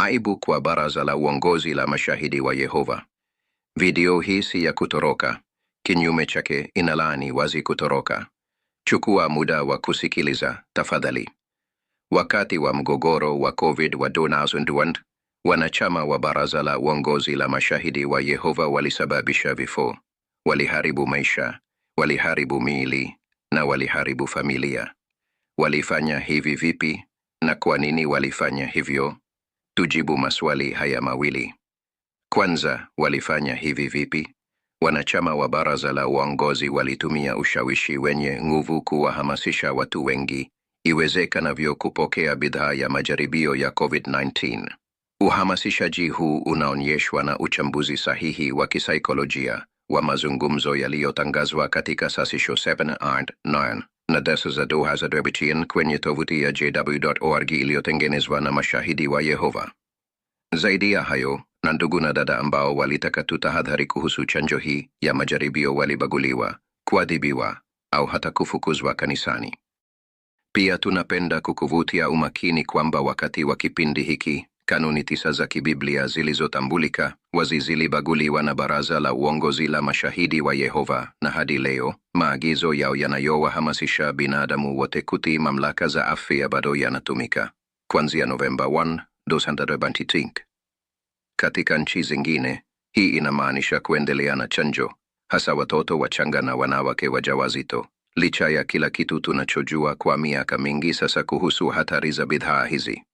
Aibu kwa Baraza la Uongozi la Mashahidi wa Yehova. Video hii si ya kutoroka, kinyume chake inalaani wazi kutoroka. Chukua muda wa kusikiliza tafadhali. Wakati wa mgogoro wa COVID wa 2001, wanachama wa Baraza la Uongozi la Mashahidi wa Yehova walisababisha vifo, waliharibu maisha, waliharibu miili na waliharibu familia. Walifanya hivi vipi na kwa nini walifanya hivyo? Tujibu maswali haya mawili. Kwanza, walifanya hivi vipi? Wanachama wa baraza la uongozi walitumia ushawishi wenye nguvu kuwahamasisha watu wengi iwezekanavyo kupokea bidhaa ya majaribio ya COVID-19. Uhamasishaji huu unaonyeshwa na uchambuzi sahihi wa kisaikolojia wa mazungumzo yaliyotangazwa katika sasisho 7 and 9 na dasa za dua za Debichin kwenye tovuti ya jw.org iliyotengenezwa na mashahidi wa Yehova. Zaidi ya hayo, na ndugu na dada ambao walitaka tutahadhari kuhusu chanjo hii ya majaribio walibaguliwa, kuadhibiwa au hata kufukuzwa kanisani. Pia tunapenda kukuvutia umakini kwamba wakati wa kipindi hiki kanuni tisa za kibiblia zilizotambulika wazi zilibaguliwa na baraza la uongozi la mashahidi wa Yehova, na hadi leo maagizo yao yanayowahamasisha binadamu wote kutii mamlaka za afya bado yanatumika kuanzia Novemba 1, Katika nchi zingine, hii inamaanisha kuendelea na chanjo, hasa watoto wachanga na wanawake wajawazito, licha ya kila kitu tunachojua kwa miaka mingi sasa kuhusu hatari za bidhaa hizi.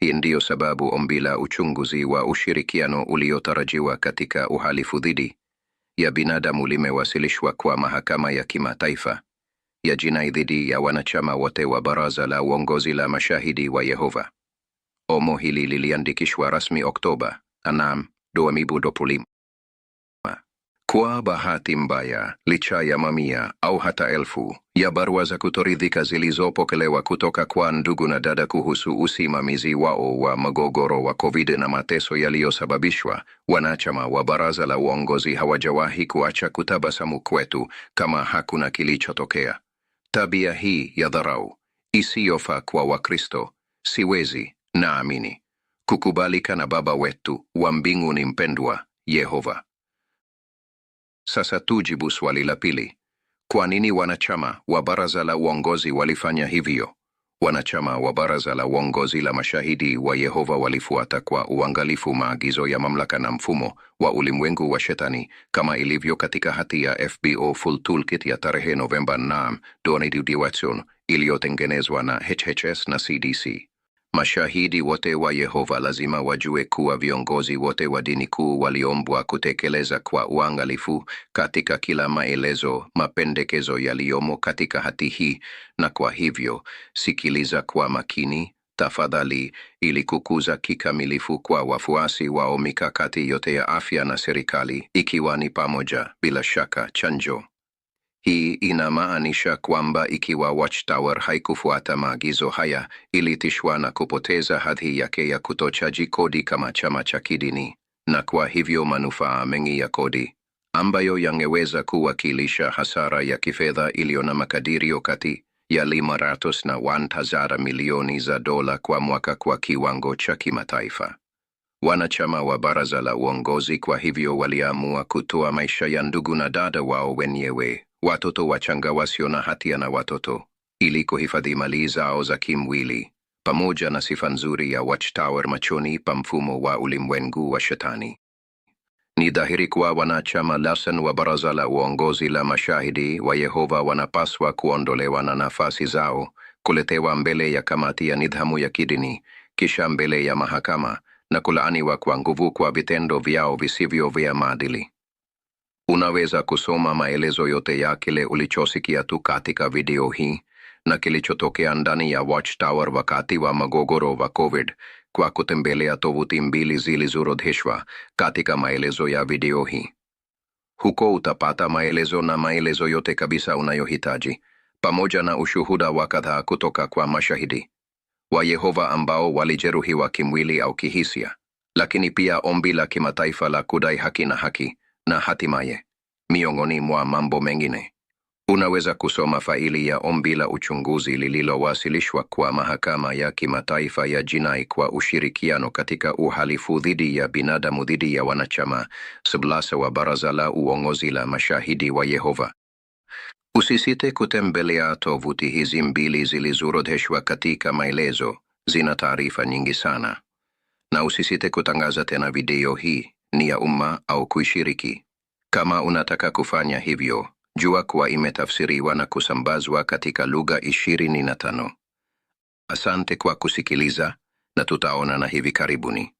Hii ndiyo sababu ombi la uchunguzi wa ushirikiano uliotarajiwa katika uhalifu dhidi ya binadamu limewasilishwa kwa mahakama ya kimataifa ya jinai dhidi ya wanachama wote wa baraza la uongozi la mashahidi wa Yehova. Omo hili liliandikishwa rasmi Oktoba anam 2020. Kwa bahati mbaya, licha ya mamia au hata elfu ya barua za kutoridhika zilizopokelewa kutoka kwa ndugu na dada kuhusu usimamizi wao wa mgogoro wa COVID na mateso yaliyosababishwa, wanachama wa baraza la uongozi hawajawahi kuacha kutabasamu kwetu kama hakuna kilichotokea. Tabia hii ya dharau isiyofaa kwa Wakristo siwezi naamini kukubalika na Baba wetu wa mbinguni mpendwa Yehova. Sasa tujibu swali la pili. Kwa nini wanachama wa baraza la uongozi walifanya hivyo? Wanachama wa baraza la uongozi la Mashahidi wa Yehova walifuata kwa uangalifu maagizo ya mamlaka na mfumo wa ulimwengu wa Shetani, kama ilivyo katika hati ya FBO Full Toolkit ya tarehe Novemba 9, 2021 iliyotengenezwa na HHS na CDC. Mashahidi wote wa Yehova lazima wajue kuwa viongozi wote wa dini kuu waliombwa kutekeleza kwa uangalifu katika kila maelezo mapendekezo yaliyomo katika hati hii, na kwa hivyo sikiliza kwa makini tafadhali, ili kukuza kikamilifu kwa wafuasi wao mikakati yote ya afya na serikali, ikiwa ni pamoja bila shaka chanjo hii inamaanisha kwamba ikiwa Watchtower haikufuata maagizo haya, ilitishwa na kupoteza hadhi yake ya kutochaji kodi kama chama cha kidini, na kwa hivyo manufaa mengi ya kodi ambayo yangeweza kuwakilisha hasara ya kifedha iliyo na makadirio kati ya limaratos na wantazara milioni za dola kwa mwaka kwa kiwango cha kimataifa. Wanachama wa baraza la uongozi kwa hivyo waliamua kutoa maisha ya ndugu na dada wao wenyewe watoto wachanga wasio na hatia na watoto, ili kuhifadhi mali zao za kimwili, pamoja na sifa nzuri ya Watchtower machoni pa mfumo wa ulimwengu wa Shetani. Ni dhahiri kuwa wanachama Lassen wa Baraza la Uongozi la Mashahidi wa Yehova wanapaswa kuondolewa na nafasi zao, kuletewa mbele ya kamati ya nidhamu ya kidini, kisha mbele ya mahakama na kulaaniwa kwa nguvu kwa vitendo vyao visivyo vya maadili. Unaweza kusoma maelezo yote ya kile ulichosikia tu katika video hii na kilichotokea ndani ya Watchtower wakati wa magogoro wa COVID kwa kutembelea tovuti mbili zilizorodheshwa katika maelezo ya video hii. Huko utapata maelezo na maelezo yote kabisa unayohitaji pamoja na ushuhuda wa kadhaa kutoka kwa mashahidi wa Yehova ambao walijeruhiwa kimwili au kihisia, lakini pia ombi la kimataifa la kudai haki na haki na hatimaye, miongoni mwa mambo mengine, unaweza kusoma faili ya ombi la uchunguzi lililowasilishwa kwa Mahakama ya Kimataifa ya Jinai kwa ushirikiano katika uhalifu dhidi ya binadamu dhidi ya wanachama seblasa wa Baraza la Uongozi la Mashahidi wa Yehova. Usisite kutembelea tovuti hizi mbili zilizorodheshwa katika maelezo, zina taarifa nyingi sana, na usisite kutangaza tena video hii ni ya umma au kuishiriki. Kama unataka kufanya hivyo, jua kuwa imetafsiriwa na kusambazwa katika lugha 25 Asante kwa kusikiliza na tutaonana hivi karibuni.